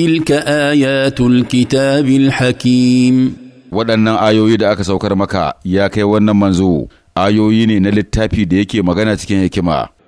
تلك آيات الكتاب الحكيم waɗannan ayoyi da aka saukar maka ya kai wannan manzo ayoyi ne na littafi da yake magana cikin hikima